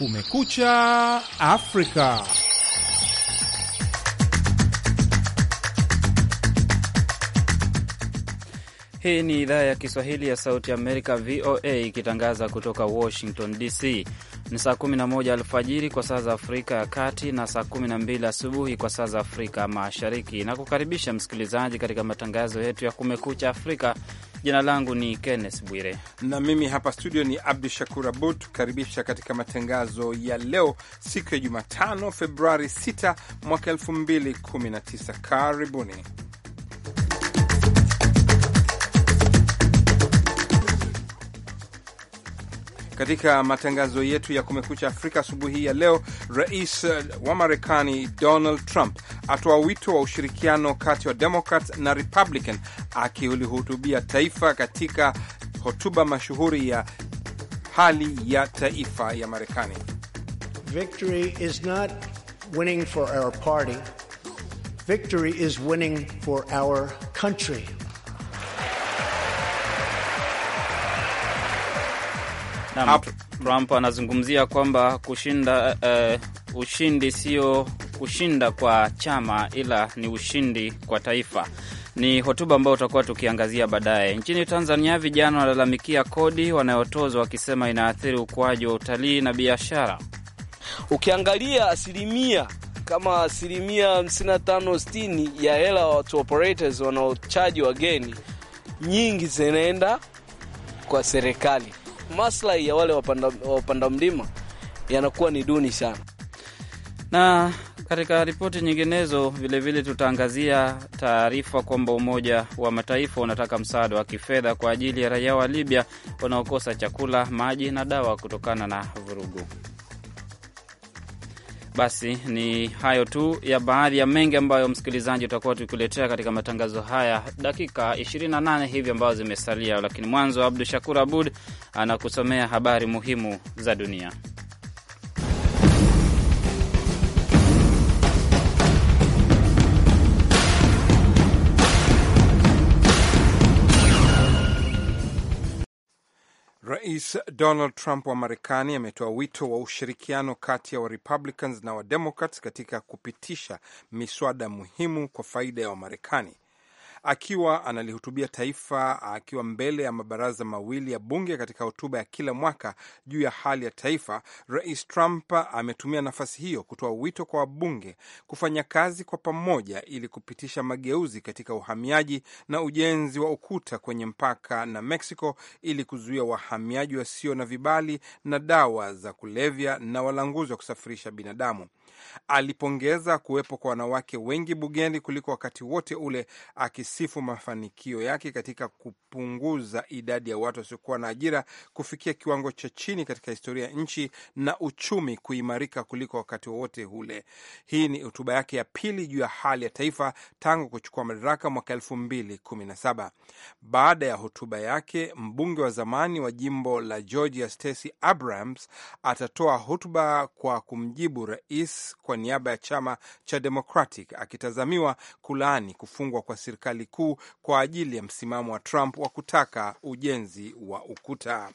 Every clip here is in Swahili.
Kumekucha Afrika. Hii ni idhaa ya Kiswahili ya Sauti Amerika, VOA, ikitangaza kutoka Washington DC. Ni saa 11 alfajiri kwa saa za Afrika ya Kati na saa 12 asubuhi kwa saa za Afrika Mashariki. Nakukaribisha msikilizaji katika matangazo yetu ya Kumekucha Afrika Jina langu ni Kenneth Bwire na mimi hapa studio ni Abdu Shakur Abud, tukaribisha katika matangazo ya leo, siku ya Jumatano, Februari 6 mwaka 2019. Karibuni. Katika matangazo yetu ya Kumekucha Afrika asubuhi ya leo, rais eh, wa Marekani Donald Trump atoa wito wa ushirikiano kati ya Democrats na Republican akilihutubia taifa katika hotuba mashuhuri ya hali ya taifa ya Marekani. Victory is not winning for our party. Victory is winning for our country. Trump anazungumzia kwamba kushinda uh, ushindi sio kushinda kwa chama ila ni ushindi kwa taifa. Ni hotuba ambayo utakuwa tukiangazia baadaye. Nchini Tanzania, vijana wanalalamikia kodi wanayotozwa wakisema inaathiri ukuaji wa utalii na biashara. Ukiangalia asilimia kama asilimia 55 60 ya hela watu operators wanaochaji wageni, nyingi zinaenda kwa serikali maslahi ya wale wapanda, wapanda mlima yanakuwa ni duni sana. Na katika ripoti nyinginezo vilevile tutaangazia taarifa kwamba Umoja wa Mataifa unataka msaada wa kifedha kwa ajili ya raia wa Libya wanaokosa chakula, maji na dawa kutokana na vurugu. Basi ni hayo tu ya baadhi ya mengi ambayo msikilizaji utakuwa tukuletea katika matangazo haya dakika 28 hivi ambazo zimesalia, lakini mwanzo Abdu Shakur Abud anakusomea habari muhimu za dunia. Rais Donald Trump wa Marekani ametoa wito wa ushirikiano kati ya Warepublicans na Wademocrats katika kupitisha miswada muhimu kwa faida ya Wamarekani akiwa analihutubia taifa akiwa mbele ya mabaraza mawili ya bunge katika hotuba ya kila mwaka juu ya hali ya taifa, Rais Trump ametumia nafasi hiyo kutoa wito kwa wabunge kufanya kazi kwa pamoja ili kupitisha mageuzi katika uhamiaji na ujenzi wa ukuta kwenye mpaka na Mexico ili kuzuia wahamiaji wasio na vibali na dawa za kulevya na walanguzi wa kusafirisha binadamu. Alipongeza kuwepo kwa wanawake wengi bungeni kuliko wakati wote ule aki alisifu mafanikio yake katika kupunguza idadi ya watu wasiokuwa na ajira kufikia kiwango cha chini katika historia ya nchi na uchumi kuimarika kuliko wakati wowote ule. Hii ni hotuba yake ya pili juu ya hali ya taifa tangu kuchukua madaraka mwaka elfu mbili kumi na saba. Baada ya hotuba yake, mbunge wa zamani wa jimbo la Georgia Stacey Abrams atatoa hotuba kwa kumjibu rais kwa niaba ya chama cha Democratic akitazamiwa kulaani kufungwa kwa serikali serikali kuu kwa ajili ya msimamo wa Trump wa kutaka ujenzi wa ukuta.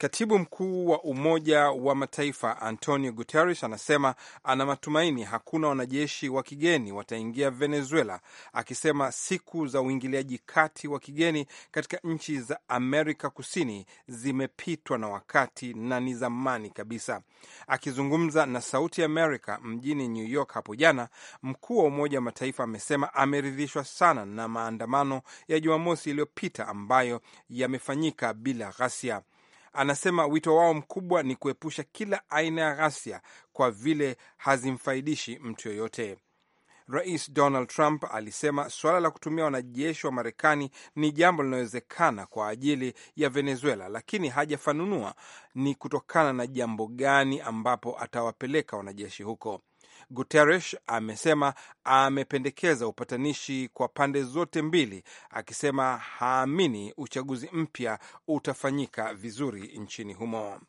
Katibu mkuu wa Umoja wa Mataifa Antonio Guterres anasema ana matumaini hakuna wanajeshi wa kigeni wataingia Venezuela, akisema siku za uingiliaji kati wa kigeni katika nchi za Amerika Kusini zimepitwa na wakati na ni zamani kabisa. Akizungumza na Sauti Amerika mjini New York hapo jana, mkuu wa Umoja wa Mataifa amesema ameridhishwa sana na maandamano ya Jumamosi iliyopita ambayo yamefanyika bila ghasia. Anasema wito wao mkubwa ni kuepusha kila aina ya ghasia kwa vile hazimfaidishi mtu yoyote. Rais Donald Trump alisema suala la kutumia wanajeshi wa Marekani ni jambo linawezekana kwa ajili ya Venezuela, lakini hajafanunua ni kutokana na jambo gani ambapo atawapeleka wanajeshi huko. Guterres amesema amependekeza upatanishi kwa pande zote mbili, akisema haamini uchaguzi mpya utafanyika vizuri nchini humo.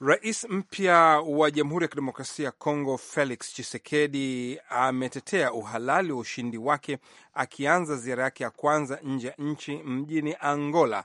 Rais mpya wa Jamhuri ya Kidemokrasia ya Kongo Felix Tshisekedi ametetea uhalali wa ushindi wake akianza ziara yake ya kwanza nje ya nchi mjini Angola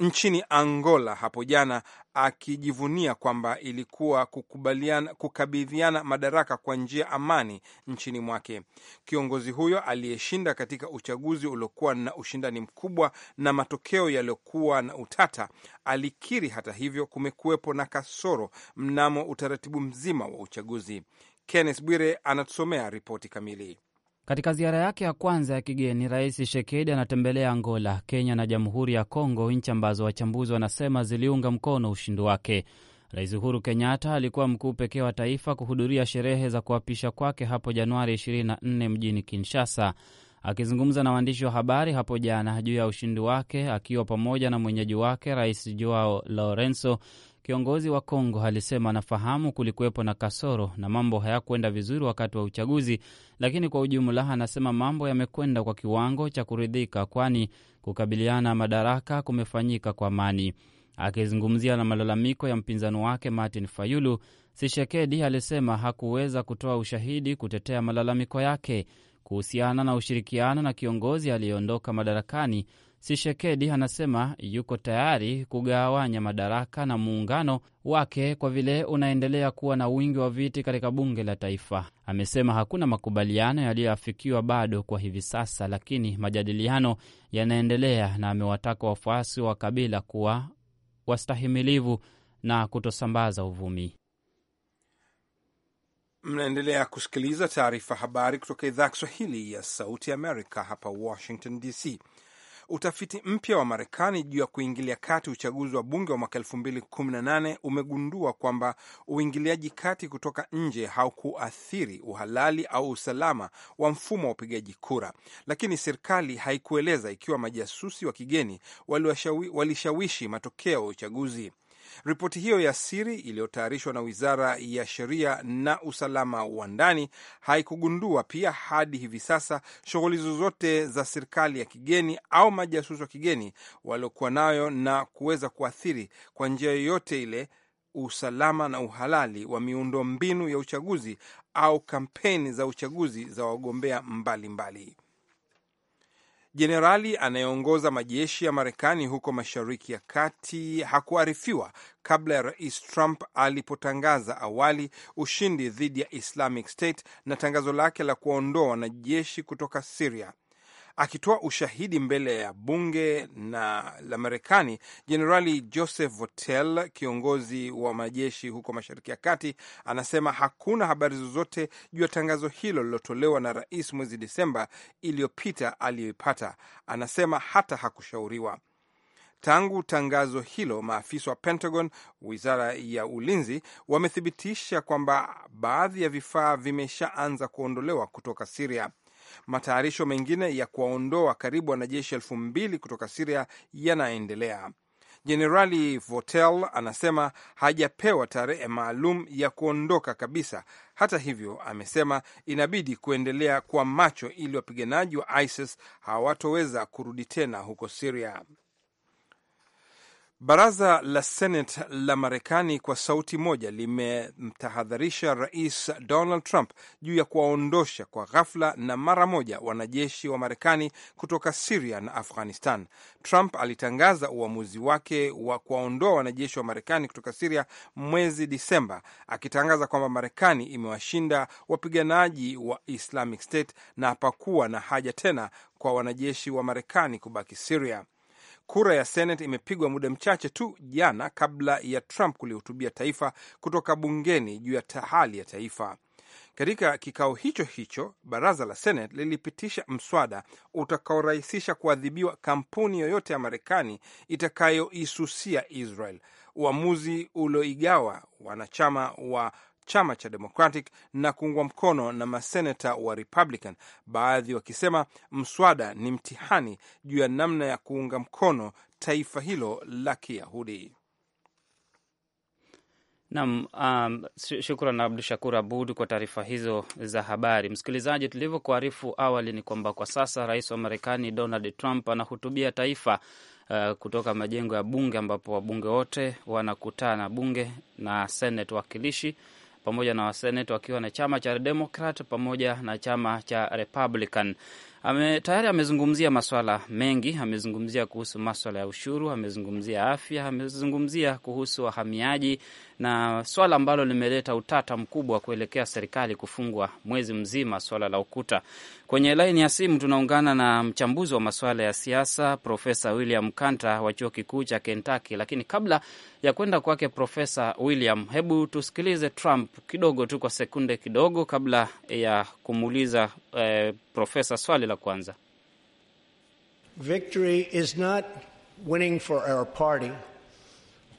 nchini Angola hapo jana akijivunia kwamba ilikuwa kukubaliana kukabidhiana madaraka kwa njia amani nchini mwake. Kiongozi huyo aliyeshinda katika uchaguzi uliokuwa na ushindani mkubwa na matokeo yaliyokuwa na utata, alikiri hata hivyo kumekuwepo na kasoro mnamo utaratibu mzima wa uchaguzi. Kenneth Bwire anatusomea ripoti kamili. Katika ziara yake ya kwanza ya kigeni, Rais shekedi anatembelea Angola, Kenya na Jamhuri ya Kongo, nchi ambazo wachambuzi wanasema ziliunga mkono ushindi wake. Rais Uhuru Kenyatta alikuwa mkuu pekee wa taifa kuhudhuria sherehe za kuapisha kwake hapo Januari 24 mjini Kinshasa. Akizungumza na waandishi wa habari hapo jana juu ya ushindi wake, akiwa pamoja na mwenyeji wake Rais Joao Lorenzo, Kiongozi wa Kongo alisema anafahamu kulikuwepo na kasoro na mambo hayakwenda vizuri wakati wa uchaguzi, lakini kwa ujumla anasema mambo yamekwenda kwa kiwango cha kuridhika, kwani kukabiliana madaraka kumefanyika kwa amani. Akizungumzia na malalamiko ya mpinzani wake Martin Fayulu, Sishekedi alisema hakuweza kutoa ushahidi kutetea malalamiko yake kuhusiana na ushirikiano na kiongozi aliyeondoka madarakani. Sishekedi anasema yuko tayari kugawanya madaraka na muungano wake kwa vile unaendelea kuwa na wingi wa viti katika bunge la taifa. Amesema hakuna makubaliano yaliyoafikiwa bado kwa hivi sasa, lakini majadiliano yanaendelea, na amewataka wafuasi wa Kabila kuwa wastahimilivu na kutosambaza uvumi. Mnaendelea kusikiliza taarifa habari kutoka idhaa ya Kiswahili ya Sauti ya Amerika hapa Washington DC. Utafiti mpya wa Marekani juu ya kuingilia kati uchaguzi wa bunge wa mwaka nane umegundua kwamba uingiliaji kati kutoka nje haukuathiri uhalali au usalama wa mfumo wa upigaji kura, lakini serikali haikueleza ikiwa majasusi wa kigeni walishawishi matokeo ya uchaguzi. Ripoti hiyo ya siri iliyotayarishwa na wizara ya sheria na usalama wa ndani haikugundua pia hadi hivi sasa shughuli zozote za serikali ya kigeni au majasusi wa kigeni waliokuwa nayo na kuweza kuathiri kwa njia yoyote ile usalama na uhalali wa miundo mbinu ya uchaguzi au kampeni za uchaguzi za wagombea mbalimbali mbali. Jenerali anayeongoza majeshi ya Marekani huko Mashariki ya Kati hakuarifiwa kabla ya Rais Trump alipotangaza awali ushindi dhidi ya Islamic State na tangazo lake la kuwaondoa wanajeshi kutoka Siria. Akitoa ushahidi mbele ya bunge na la Marekani, Jenerali Joseph Votel, kiongozi wa majeshi huko Mashariki ya Kati, anasema hakuna habari zozote juu ya tangazo hilo lilotolewa na rais mwezi Desemba iliyopita aliyoipata. Anasema hata hakushauriwa. Tangu tangazo hilo, maafisa wa Pentagon, wizara ya ulinzi, wamethibitisha kwamba baadhi ya vifaa vimeshaanza kuondolewa kutoka Siria. Matayarisho mengine ya kuwaondoa karibu wanajeshi elfu mbili kutoka Siria yanaendelea. Jenerali Votel anasema hajapewa tarehe maalum ya kuondoka kabisa. Hata hivyo, amesema inabidi kuendelea kwa macho ili wapiganaji wa ISIS hawatoweza kurudi tena huko Siria. Baraza la Senate la Marekani kwa sauti moja limemtahadharisha Rais Donald Trump juu ya kuwaondosha kwa ghafla na mara moja wanajeshi wa Marekani kutoka Siria na Afghanistan. Trump alitangaza uamuzi wake wa kuwaondoa wanajeshi wa Marekani kutoka Siria mwezi Disemba, akitangaza kwamba Marekani imewashinda wapiganaji wa Islamic State na hapakuwa na haja tena kwa wanajeshi wa Marekani kubaki Siria. Kura ya Senate imepigwa muda mchache tu jana kabla ya Trump kulihutubia taifa kutoka bungeni juu ya hali ya taifa. Katika kikao hicho hicho, baraza la Senate lilipitisha mswada utakaorahisisha kuadhibiwa kampuni yoyote ya Marekani itakayoisusia Israel, uamuzi ulioigawa wanachama wa chama cha Democratic na kuungwa mkono na maseneta wa Republican, baadhi wakisema mswada ni mtihani juu ya namna ya kuunga mkono taifa hilo la Kiyahudi. Nam um, shukran Abdu Shakur Abud kwa taarifa hizo za habari. Msikilizaji, tulivyokuarifu awali ni kwamba kwa sasa rais wa Marekani Donald Trump anahutubia taifa uh, kutoka majengo ya bunge ambapo wabunge wote wanakutana, bunge na seneti, wakilishi pamoja na waseneta wakiwa na chama cha Demokrat pamoja na chama cha Republican. Ame, tayari amezungumzia maswala mengi. Amezungumzia kuhusu maswala ya ushuru, amezungumzia afya, amezungumzia kuhusu wahamiaji na swala ambalo limeleta utata mkubwa wa kuelekea serikali kufungwa mwezi mzima, swala la ukuta. Kwenye laini ya simu tunaungana na mchambuzi wa masuala ya siasa Profesa William Kanta wa chuo kikuu cha Kentucky. Lakini kabla ya kwenda kwake Profesa William, hebu tusikilize Trump kidogo tu kwa sekunde kidogo, kabla ya kumuuliza eh, profesa swali la kwanza. Victory is not winning for our party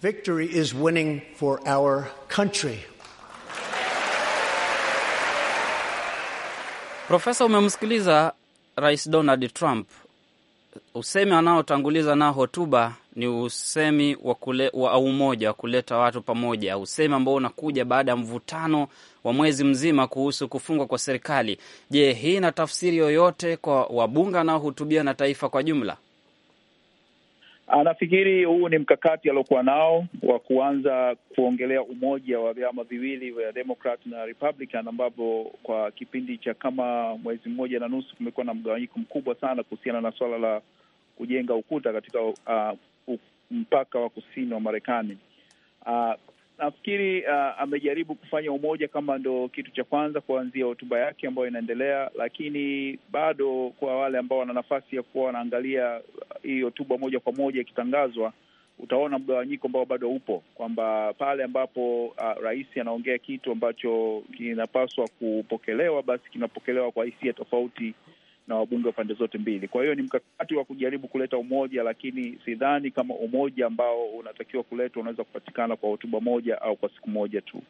Victory is winning for our country. Profesa, umemsikiliza Rais Donald Trump. Usemi anaotanguliza nao hotuba ni usemi wa, kule, wa umoja wa kuleta watu pamoja, usemi ambao unakuja baada ya mvutano wa mwezi mzima kuhusu kufungwa kwa serikali. Je, hii ina tafsiri yoyote kwa wabunge anaohutubia na taifa kwa jumla? Anafikiri ah, huu ni mkakati aliokuwa nao wa kuanza kuongelea umoja wa vyama viwili vya Democrat na Republican, ambapo kwa kipindi cha kama mwezi mmoja na nusu kumekuwa na mgawanyiko mkubwa sana kuhusiana na suala la kujenga ukuta katika uh, mpaka wa kusini wa Marekani. Uh, nafikiri uh, amejaribu kufanya umoja kama ndo kitu cha kwanza kuanzia hotuba yake ambayo inaendelea, lakini bado kwa wale ambao wana nafasi ya kuwa wanaangalia uh, hii hotuba moja kwa moja ikitangazwa, utaona mgawanyiko ambao bado upo, kwamba pale ambapo uh, rais anaongea kitu ambacho kinapaswa kupokelewa, basi kinapokelewa kwa hisia tofauti na wabunge wa pande zote mbili. Kwa hiyo ni mkakati wa kujaribu kuleta umoja, lakini sidhani kama umoja ambao unatakiwa kuletwa unaweza kupatikana kwa hotuba moja au kwa siku moja tu.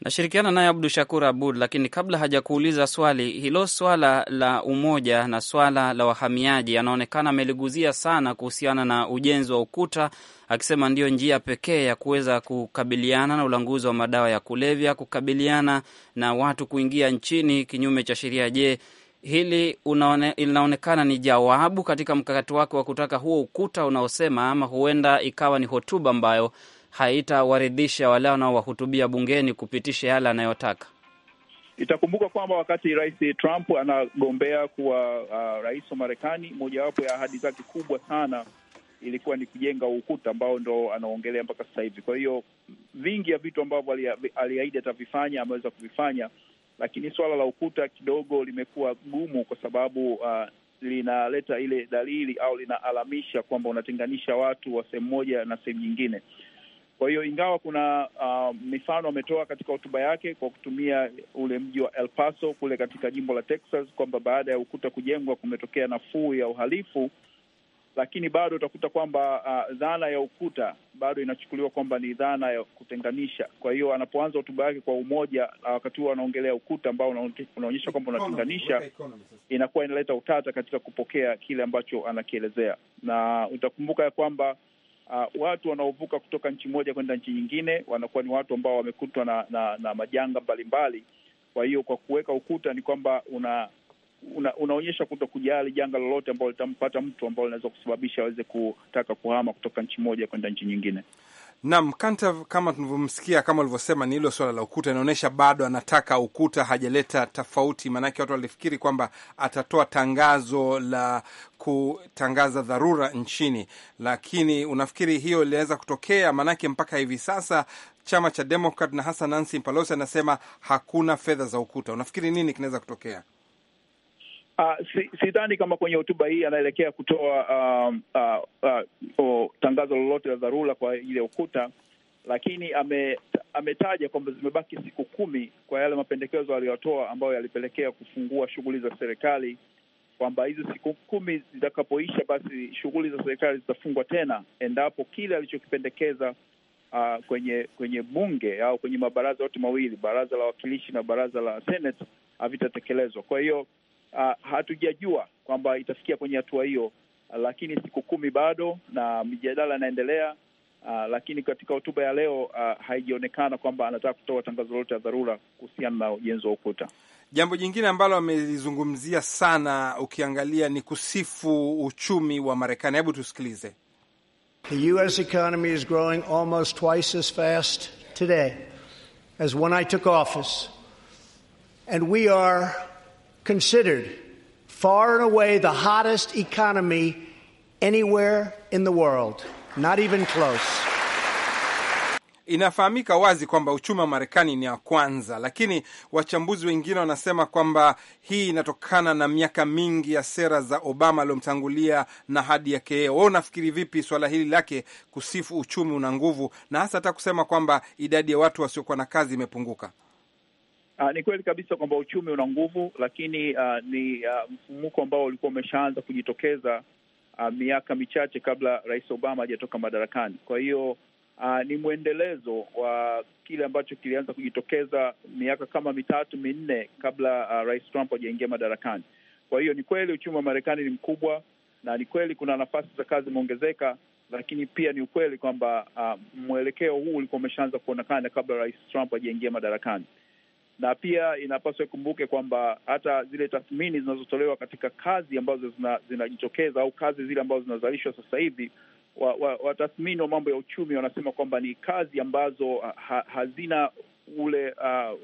Nashirikiana naye Abdu Shakur Abud, lakini kabla hajakuuliza swali hilo, swala la umoja na swala la wahamiaji, anaonekana ameliguzia sana kuhusiana na ujenzi wa ukuta, akisema ndiyo njia pekee ya kuweza kukabiliana na ulanguzi wa madawa ya kulevya, kukabiliana na watu kuingia nchini kinyume cha sheria. Je, hili unaone, linaonekana ni jawabu katika mkakati wake wa kutaka huo ukuta unaosema, ama huenda ikawa ni hotuba ambayo haitawaridhisha wale wanaowahutubia bungeni kupitisha yale anayotaka. Itakumbuka kwamba wakati Rais Trump anagombea kuwa uh, rais wa Marekani, mojawapo ya ahadi zake kubwa sana ilikuwa ni kujenga ukuta ambao ndo anaongelea mpaka sasa hivi. Kwa hiyo vingi ya vitu ambavyo aliahidi atavifanya ameweza kuvifanya, lakini suala la ukuta kidogo limekuwa gumu kwa sababu uh, linaleta ile dalili au linaalamisha kwamba unatenganisha watu wa sehemu moja na sehemu nyingine. Kwa hiyo ingawa kuna uh, mifano ametoa katika hotuba yake kwa kutumia ule mji wa El Paso kule katika jimbo la Texas, kwamba baada ya ukuta kujengwa kumetokea nafuu ya uhalifu lakini bado utakuta kwamba uh, dhana ya ukuta bado inachukuliwa kwamba ni dhana ya kutenganisha. Kwa hiyo anapoanza hotuba yake kwa umoja na uh, wakati huo anaongelea ukuta ambao unaonyesha kwamba unatenganisha, inakuwa inaleta utata katika kupokea kile ambacho anakielezea, na utakumbuka ya kwamba Uh, watu wanaovuka kutoka nchi moja kwenda nchi nyingine wanakuwa ni watu ambao wamekutwa na, na, na majanga mbalimbali. Kwa hiyo kwa kuweka ukuta ni kwamba una una, unaonyesha kuto kujali janga lolote ambalo litampata mtu ambao linaweza kusababisha aweze kutaka kuhama kutoka nchi moja kwenda nchi nyingine. Naam, Kanta, kama tunavyomsikia, kama ulivyosema, ni hilo swala la ukuta. Inaonyesha bado anataka ukuta, hajaleta tofauti. Maanake watu walifikiri kwamba atatoa tangazo la kutangaza dharura nchini, lakini unafikiri hiyo iliweza kutokea? Maanake mpaka hivi sasa chama cha Demokrat na hasa Nancy Pelosi anasema hakuna fedha za ukuta. Unafikiri nini kinaweza kutokea? Uh, sidhani si kama kwenye hotuba hii anaelekea kutoa uh, uh, uh, tangazo lolote la dharura kwa ajili ya ukuta, lakini ame, ametaja kwamba zimebaki siku kumi kwa yale mapendekezo aliyotoa ambayo yalipelekea kufungua shughuli za serikali, kwamba hizi siku kumi zitakapoisha, basi shughuli za serikali zitafungwa tena endapo kile alichokipendekeza uh, kwenye kwenye bunge au kwenye mabaraza yote mawili, baraza la wawakilishi na baraza la senat havitatekelezwa. Kwa hiyo uh, hatujajua kwamba itafikia kwenye hatua hiyo, ah, lakini siku kumi bado na mijadala inaendelea. Uh, lakini katika hotuba ya leo uh, haijaonekana kwamba anataka kutoa tangazo lolote la dharura kuhusiana na ujenzi wa ukuta. Jambo jingine ambalo amelizungumzia sana, ukiangalia ni kusifu uchumi wa Marekani. Hebu tusikilize. The US economy is growing almost twice as fast today as when I took office and we are considered far and away the hottest economy anywhere in the world, not even close. Inafahamika wazi kwamba uchumi wa Marekani ni wa kwanza, lakini wachambuzi wengine wanasema kwamba hii inatokana na miaka mingi ya sera za Obama aliyomtangulia na hadi yake yeye. Wewe unafikiri vipi swala hili lake kusifu uchumi una nguvu na hasa hata kusema kwamba idadi ya watu wasiokuwa na kazi imepunguka? Uh, ni kweli kabisa kwamba uchumi una nguvu, lakini uh, ni uh, mfumuko ambao ulikuwa umeshaanza kujitokeza uh, miaka michache kabla Rais Obama hajatoka madarakani. Kwa hiyo uh, ni mwendelezo wa kile ambacho kilianza kujitokeza miaka kama mitatu minne kabla uh, Rais Trump hajaingia madarakani. Kwa hiyo ni kweli uchumi wa Marekani ni mkubwa na ni kweli kuna nafasi za kazi zimeongezeka, lakini pia ni ukweli kwamba uh, mwelekeo huu ulikuwa umeshaanza kuonekana kabla Rais Trump hajaingia madarakani na pia inapaswa ikumbuke kwamba hata zile tathmini zinazotolewa katika kazi ambazo zinajitokeza zina au kazi zile ambazo zinazalishwa sasa hivi, watathmini wa, wa, wa mambo ya uchumi wanasema kwamba ni kazi ambazo ha, hazina ule uh,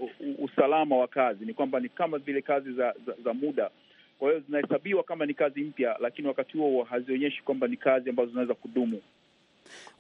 usalama wa kazi, ni kwamba ni kama vile kazi za, za, za muda. Kwa hiyo zinahesabiwa kama ni kazi mpya, lakini wakati huo hazionyeshi kwamba ni kazi ambazo zinaweza kudumu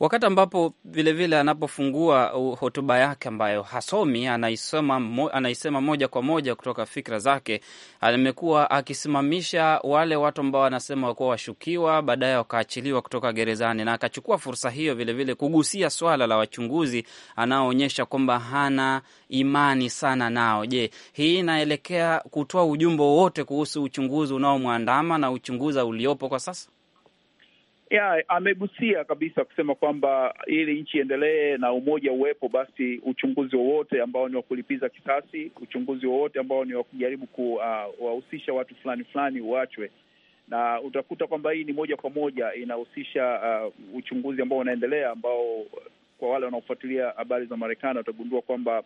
wakati ambapo vilevile anapofungua hotuba yake ambayo hasomi, anaisema, mo, anaisema moja kwa moja kutoka fikra zake. Amekuwa akisimamisha wale watu ambao wanasema wakuwa washukiwa, baadaye wakaachiliwa kutoka gerezani, na akachukua fursa hiyo vilevile vile kugusia swala la wachunguzi anaoonyesha kwamba hana imani sana nao. Je, hii inaelekea kutoa ujumbe wowote kuhusu uchunguzi unaomwandama na uchunguza uliopo kwa sasa? Yeah, amegusia kabisa kusema kwamba ili nchi iendelee na umoja uwepo, basi uchunguzi wowote ambao ni wa kulipiza kisasi, uchunguzi wowote ambao ni wa kujaribu kuwahusisha uh, watu fulani fulani uachwe, na utakuta kwamba hii ni moja kwa moja inahusisha uh, uchunguzi ambao unaendelea ambao kwa wale wanaofuatilia habari za Marekani watagundua kwamba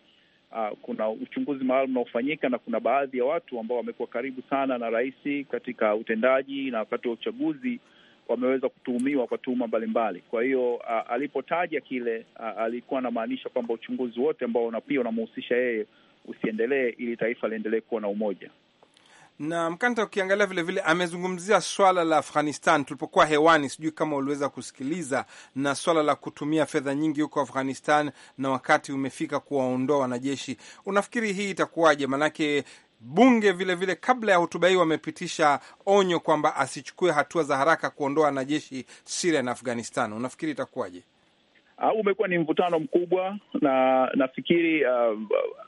uh, kuna uchunguzi maalum unaofanyika na kuna baadhi ya watu ambao wamekuwa karibu sana na rais katika utendaji na wakati wa uchaguzi wameweza kutuhumiwa kwa tuhuma mbalimbali. Kwa hiyo alipotaja kile a, alikuwa anamaanisha kwamba uchunguzi wote ambao pia unamhusisha yeye usiendelee ili taifa liendelee kuwa na umoja. Na Mkanta, ukiangalia vilevile amezungumzia swala la Afghanistan tulipokuwa hewani, sijui kama uliweza kusikiliza, na swala la kutumia fedha nyingi huko Afghanistan na wakati umefika kuwaondoa wanajeshi. Unafikiri hii itakuwaje? Maanake Bunge vilevile vile kabla ya hotuba hii wamepitisha onyo kwamba asichukue hatua za haraka kuondoa wanajeshi Siria na Afghanistan. Unafikiri itakuwaje? Uh, umekuwa ni mvutano mkubwa, na nafikiri uh,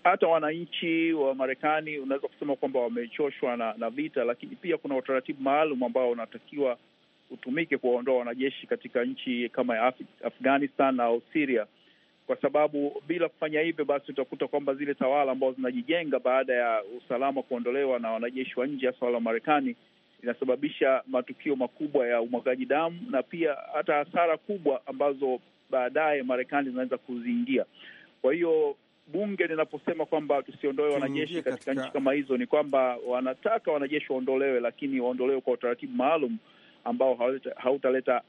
hata wananchi wa Marekani unaweza kusema kwamba wamechoshwa na, na vita, lakini pia kuna utaratibu maalum ambao unatakiwa utumike kuwaondoa wanajeshi katika nchi kama ya Af Afghanistan au Siria kwa sababu bila kufanya hivyo, basi utakuta kwamba zile tawala ambazo zinajijenga baada ya usalama kuondolewa na wanajeshi wa nje, hasa wale wa Marekani, inasababisha matukio makubwa ya umwagaji damu na pia hata hasara kubwa ambazo baadaye Marekani zinaweza kuziingia. Kwa hiyo bunge linaposema kwamba tusiondoe wanajeshi katika nchi kama hizo, ni kwamba wanataka wanajeshi waondolewe, lakini waondolewe kwa utaratibu maalum ambao hautaleta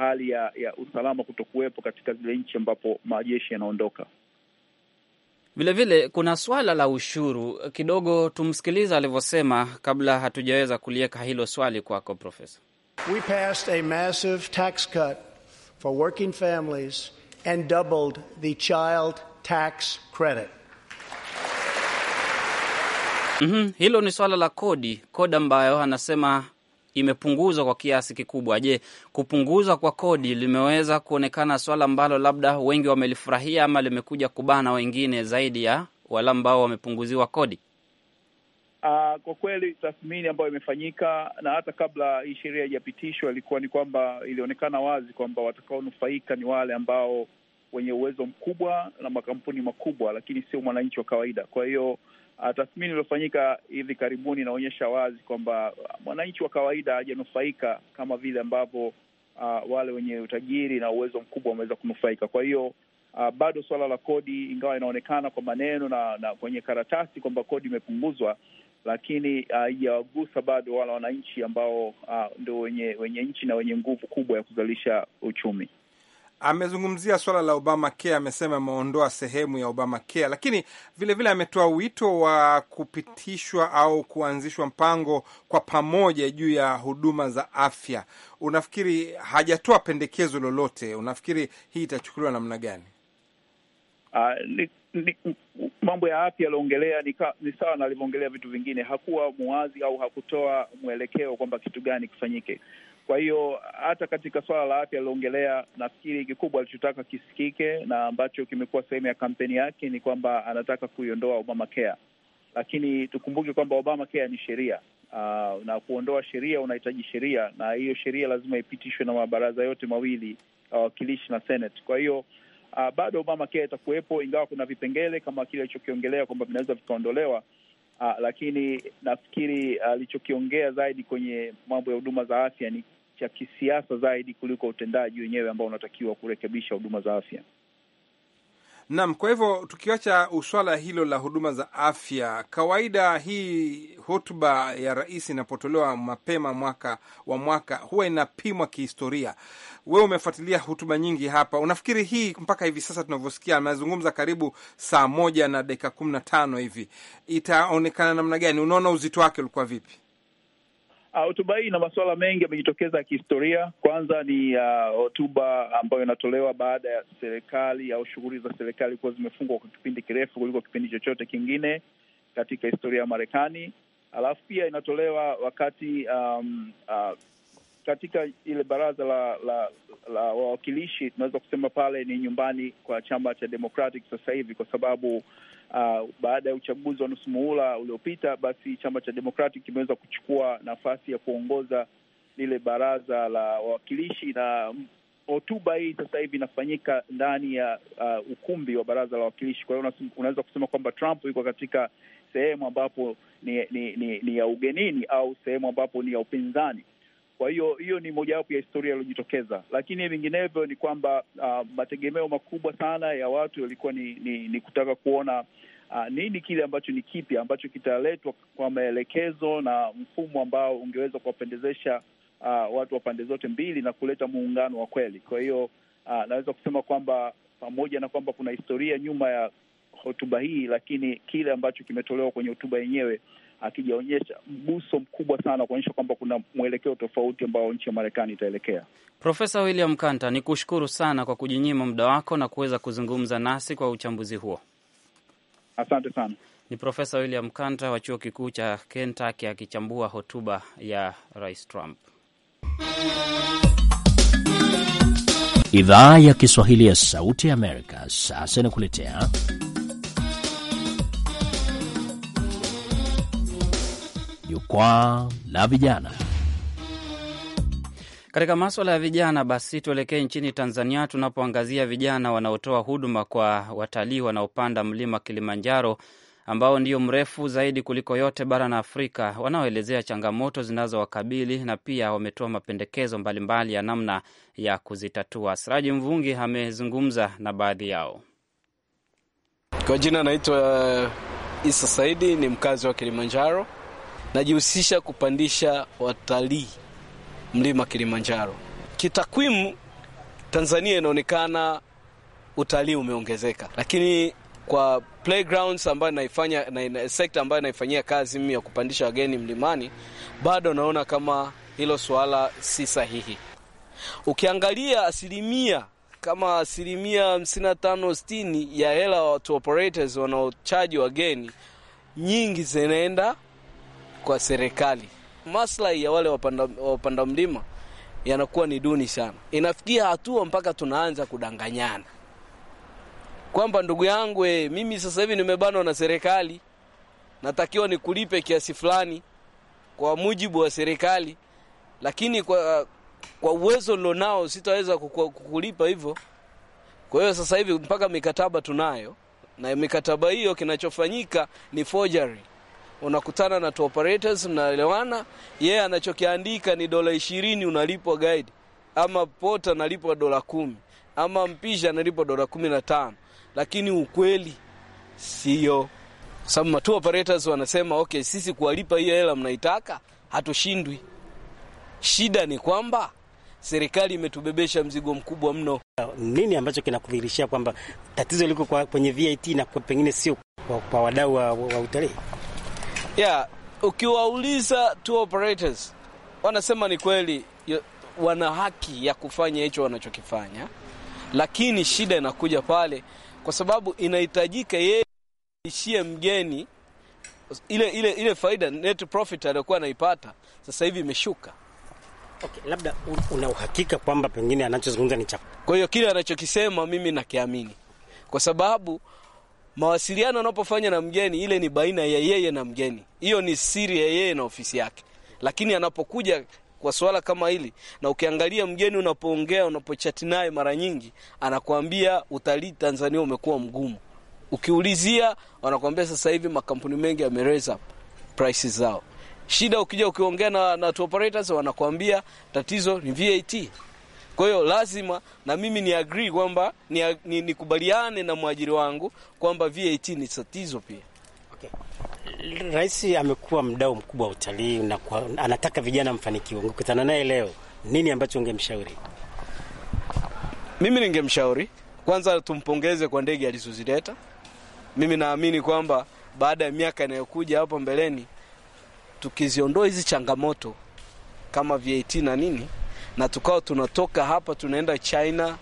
hali ya, ya usalama kutokuwepo katika zile nchi ambapo majeshi yanaondoka. Vilevile kuna swala la ushuru kidogo, tumsikiliza alivyosema kabla hatujaweza kuliweka hilo swali kwako Profesa. We passed a massive tax cut for working families and doubled the child tax credit. Mm -hmm. Hilo ni swala la kodi, kodi ambayo anasema imepunguzwa kwa kiasi kikubwa. Je, kupunguzwa kwa kodi limeweza kuonekana swala ambalo labda wengi wamelifurahia ama limekuja kubana wengine zaidi ya wale ambao wamepunguziwa kodi? Uh, kwa kweli tathmini ambayo imefanyika na hata kabla hii sheria haijapitishwa ilikuwa ni kwamba ilionekana wazi kwamba watakaonufaika ni wale ambao wenye uwezo mkubwa na makampuni makubwa, lakini sio mwananchi wa kawaida. Kwa hiyo Ah, tathmini iliyofanyika hivi karibuni inaonyesha wazi kwamba ah, mwananchi wa kawaida hajanufaika kama vile ambavyo uh, wale wenye utajiri na uwezo mkubwa wameweza kunufaika. Kwa hiyo uh, bado suala la kodi, ingawa inaonekana kwa maneno na, na kwenye karatasi kwamba kodi imepunguzwa, lakini haijawagusa uh, bado wale wananchi ambao uh, ndo wenye, wenye nchi na wenye nguvu kubwa ya kuzalisha uchumi amezungumzia swala la obama k Amesema ameondoa sehemu ya obama k lakini vilevile ametoa wito wa kupitishwa au kuanzishwa mpango kwa pamoja juu ya huduma za afya. Unafikiri hajatoa pendekezo lolote? Unafikiri hii itachukuliwa namna gani? Uh, ni, ni, mambo ya afya aliongelea ni, ni sawa na alivyoongelea vitu vingine. Hakuwa muwazi au hakutoa mwelekeo kwamba kitu gani kifanyike. Kwa hiyo hata katika swala la afya alilongelea, nafikiri kikubwa alichotaka kisikike na ambacho kimekuwa sehemu ya kampeni yake ni kwamba anataka kuiondoa Obama Care, lakini tukumbuke kwamba Obama Care ni sheria uh, na kuondoa sheria unahitaji sheria, na hiyo sheria lazima ipitishwe na mabaraza yote mawili, wawakilishi ah, uh, na Senate. Kwa hiyo uh, bado Obama Care itakuwepo, ingawa kuna vipengele kama kile alichokiongelea kwamba vinaweza vikaondolewa. Ah, lakini nafikiri alichokiongea zaidi kwenye mambo ya huduma za afya ni cha kisiasa zaidi kuliko utendaji wenyewe ambao unatakiwa kurekebisha huduma za afya. Naam, kwa hivyo tukiacha swala hilo la huduma za afya, kawaida hii hotuba ya rais inapotolewa mapema mwaka wa mwaka huwa inapimwa kihistoria. Wewe umefuatilia hotuba nyingi hapa, unafikiri hii mpaka hivi sasa tunavyosikia, amezungumza karibu saa moja na dakika kumi na tano hivi, itaonekana namna gani? Unaona uzito wake ulikuwa vipi? Ah, hotuba hii ina masuala mengi yamejitokeza ya kihistoria. Kwanza ni ah, hotuba uh, ambayo inatolewa baada ya serikali au shughuli za serikali kuwa zimefungwa kwa kipindi kirefu kuliko kipindi chochote kingine katika historia ya Marekani. Alafu pia inatolewa wakati um, uh, katika ile baraza la la wawakilishi, tunaweza kusema pale ni nyumbani kwa chama cha Democratic sasa hivi, kwa sababu uh, baada ya uchaguzi wa nusu muhula uliopita, basi chama cha demokrati kimeweza kuchukua nafasi ya kuongoza lile baraza la wawakilishi, na hotuba hii sasa hivi inafanyika ndani ya uh, ukumbi wa baraza la wawakilishi. Kwa hiyo unaweza kusema kwamba Trump yuko katika sehemu ambapo ni, ni, ni, ni ya ugenini au sehemu ambapo ni ya upinzani kwa hiyo hiyo ni mojawapo ya historia iliyojitokeza, lakini vinginevyo ni kwamba uh, mategemeo makubwa sana ya watu yalikuwa ni, ni, ni kutaka kuona Uh, nini kile ambacho ni kipya ambacho kitaletwa kwa maelekezo na mfumo ambao ungeweza kuwapendezesha uh, watu wa pande zote mbili na kuleta muungano wa kweli. Kwa hiyo uh, naweza kusema kwamba pamoja na kwamba kuna historia nyuma ya hotuba hii, lakini kile ambacho kimetolewa kwenye hotuba yenyewe akijaonyesha mguso mkubwa sana kuonyesha kwamba kuna mwelekeo tofauti ambao nchi ya Marekani itaelekea. Profesa William Kanta, ni kushukuru sana kwa kujinyima muda wako na kuweza kuzungumza nasi kwa uchambuzi huo. Asante sana. Ni Profesa William Kanta wa chuo kikuu cha Kentucky akichambua hotuba ya Rais Trump. Idhaa ya Kiswahili ya Sauti ya Amerika sasa inakuletea jukwaa la vijana. Katika maswala ya vijana, basi tuelekee nchini Tanzania, tunapoangazia vijana wanaotoa huduma kwa watalii wanaopanda mlima Kilimanjaro ambao ndio mrefu zaidi kuliko yote barani Afrika, wanaoelezea changamoto zinazowakabili na pia wametoa mapendekezo mbalimbali ya namna ya kuzitatua. Siraji Mvungi amezungumza na baadhi yao. Kwa jina anaitwa Isa Saidi, ni mkazi wa Kilimanjaro najihusisha kupandisha watalii mlima Kilimanjaro. Kitakwimu Tanzania inaonekana utalii umeongezeka, lakini kwa playgrounds ambayo naifanya na sekta ambayo naifanyia kazi mimi ya kupandisha wageni mlimani, bado naona kama hilo suala si sahihi. Ukiangalia asilimia kama asilimia 55 60 ya hela watu operators wanaochaji wageni, nyingi zinaenda kwa serikali. Maslahi ya wale wapanda, wapanda mlima yanakuwa ni duni sana. Inafikia hatua mpaka tunaanza kudanganyana kwamba ndugu yangu, e, mimi sasa hivi nimebanwa na serikali, natakiwa nikulipe kiasi fulani kwa mujibu wa serikali, lakini kwa, kwa uwezo nilionao sitaweza kukulipa hivyo. Kwa hiyo sasa hivi mpaka mikataba tunayo, na mikataba hiyo kinachofanyika ni forgery unakutana na tour operators, mnaelewana. Yeye yeah, anachokiandika ni dola ishirini unalipwa guide, ama pota analipwa dola kumi, ama mpisha analipwa dola kumi na tano, lakini ukweli sio sababu matu operators wanasema okay, sisi kuwalipa hiyo hela mnaitaka, hatushindwi. Shida ni kwamba serikali imetubebesha mzigo mkubwa mno. Nini ambacho kinakudhihirishia kwamba tatizo liko kwa kwenye VIT na pengine sio kwa, kwa wadau wa, wa utalii? Yeah, ukiwauliza tu operators wanasema ni kweli, wana haki ya kufanya hicho wanachokifanya, lakini shida inakuja pale kwa sababu inahitajika yeye ishie mgeni ile, ile, ile faida net profit aliyokuwa anaipata sasa hivi imeshuka. Okay, labda una uhakika kwamba pengine anachozungumza ni cha. Kwa hiyo kile anachokisema mimi nakiamini kwa sababu mawasiliano anapofanya na mgeni, ile ni baina ya yeye na mgeni, hiyo ni siri ya yeye na ofisi yake. Lakini anapokuja kwa swala kama hili, na ukiangalia mgeni unapoongea, unapochati naye, mara nyingi anakuambia utalii Tanzania umekuwa mgumu. Ukiulizia wanakuambia sasa hivi makampuni mengi yame up prices zao. Shida ukija ukiongea na, na operators wanakuambia tatizo ni VAT. Kwa hiyo lazima na mimi ni agree kwamba nikubaliane ni, ni na mwajiri wangu kwamba VAT ni tatizo pia. Okay. Rais amekuwa mdau mkubwa wa utalii na kwa, anataka vijana mfanikiwe. Ungekutana naye leo, nini ambacho ungemshauri? Mimi ningemshauri kwanza tumpongeze kwa ndege alizozileta. Mimi naamini kwamba baada ya miaka inayokuja hapo mbeleni, tukiziondoa hizi changamoto kama VAT na nini na tukawa tunatoka hapa tunaenda China,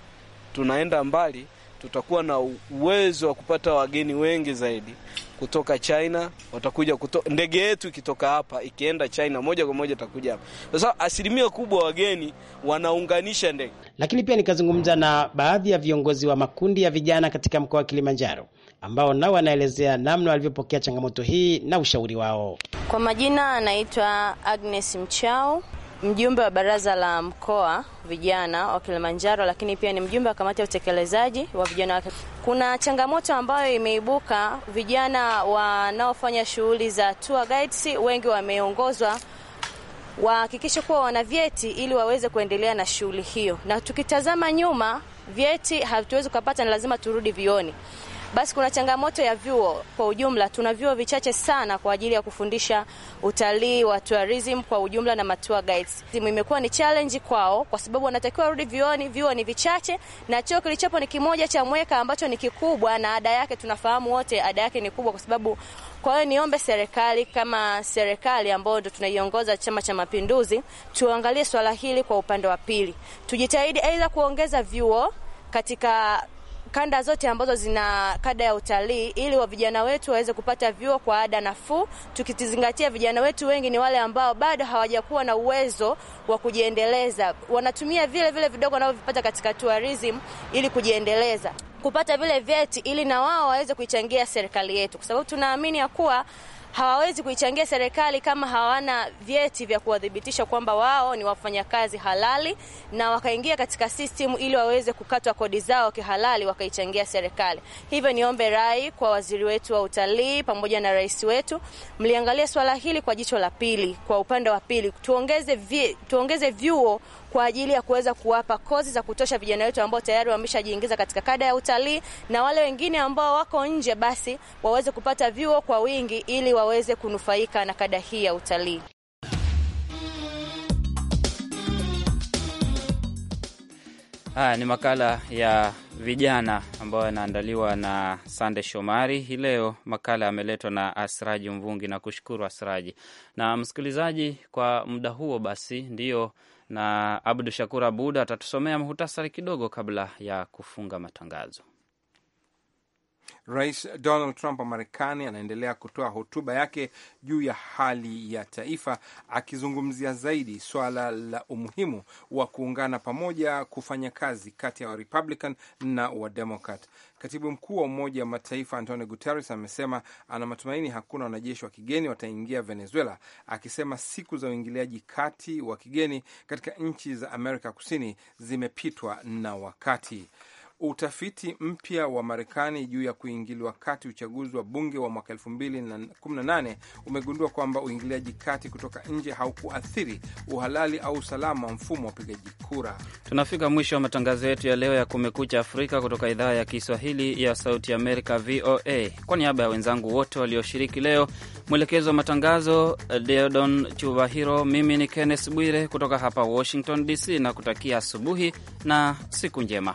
tunaenda mbali, tutakuwa na uwezo wa kupata wageni wengi zaidi kutoka China. Watakuja kuto, ndege yetu ikitoka hapa ikienda China moja kwa moja itakuja hapa. sababu asilimia kubwa wageni wanaunganisha ndege. Lakini pia nikazungumza na baadhi ya viongozi wa makundi ya vijana katika mkoa wa Kilimanjaro ambao nao wanaelezea namna walivyopokea changamoto hii na ushauri wao. Kwa majina anaitwa Agnes Mchao, mjumbe wa baraza la mkoa vijana wa Kilimanjaro, lakini pia ni mjumbe wa kamati ya utekelezaji wa vijana wa. Kuna changamoto ambayo imeibuka, vijana wanaofanya shughuli za tour guides wengi wameongozwa wahakikishe kuwa wana vyeti ili waweze kuendelea na shughuli hiyo, na tukitazama nyuma vyeti hatuwezi kupata, na lazima turudi vioni. Basi kuna changamoto ya vyuo kwa ujumla. Tuna vyuo vichache sana kwa ajili ya kufundisha utalii wa tourism kwa ujumla na matua guides. Imekuwa ni challenge kwao kwa sababu wanatakiwa warudi vyuoni, vyuo ni vichache na chuo kilichopo ni kimoja cha Mweka ambacho ni kikubwa na ada yake tunafahamu wote, ada yake ni kubwa kwa sababu kwa hiyo niombe serikali kama serikali ambayo ndo tunaiongoza Chama cha Mapinduzi, tuangalie swala hili kwa upande wa pili, tujitahidi aidha kuongeza vyuo katika kanda zote ambazo zina kada ya utalii ili wa vijana wetu waweze kupata vyuo kwa ada nafuu, tukizingatia vijana wetu wengi ni wale ambao bado hawajakuwa na uwezo wa kujiendeleza, wanatumia vile vile vidogo wanavyovipata katika tourism ili kujiendeleza, kupata vile vyeti ili na wao waweze kuichangia serikali yetu, kwa sababu tunaamini ya kuwa hawawezi kuichangia serikali kama hawana vyeti vya kuwadhibitisha kwamba wao ni wafanyakazi halali na wakaingia katika system ili waweze kukatwa kodi zao kihalali wakaichangia serikali. Hivyo niombe rai kwa waziri wetu wa utalii pamoja na rais wetu, mliangalia swala hili kwa jicho la pili, kwa upande wa pili, tuongeze vyuo kwa ajili ya kuweza kuwapa kozi za kutosha vijana wetu ambao tayari wameshajiingiza katika kada ya utalii, na wale wengine ambao wako nje, basi waweze kupata vyuo kwa wingi ili waweze kunufaika na kada hii ya utalii. Haya ni makala ya vijana ambayo yanaandaliwa na Sande Shomari. Hii leo makala ameletwa na Asraji Mvungi na kushukuru Asraji na msikilizaji kwa muda huo. Basi ndiyo na Abdu Shakur Abud atatusomea muhutasari kidogo kabla ya kufunga matangazo. Rais Donald Trump wa Marekani anaendelea kutoa hotuba yake juu ya hali ya taifa, akizungumzia zaidi swala la umuhimu wa kuungana pamoja kufanya kazi kati ya Warepublican na Wademokrat. Katibu mkuu wa Umoja wa Mataifa Antonio Guterres amesema ana matumaini hakuna wanajeshi wa kigeni wataingia Venezuela, akisema siku za uingiliaji kati wa kigeni katika nchi za Amerika Kusini zimepitwa na wakati. Utafiti mpya wa Marekani juu ya kuingiliwa kati uchaguzi wa bunge wa mwaka 2018 umegundua kwamba uingiliaji kati kutoka nje haukuathiri uhalali au usalama wa mfumo wa upigaji kura. Tunafika mwisho wa matangazo yetu ya leo ya Kumekucha Afrika kutoka idhaa ya Kiswahili ya Sauti Amerika, VOA. Kwa niaba ya wenzangu wote walioshiriki leo, mwelekezo wa matangazo Deodon Chubahiro, mimi ni Kenneth Bwire kutoka hapa Washington DC na kutakia asubuhi na siku njema.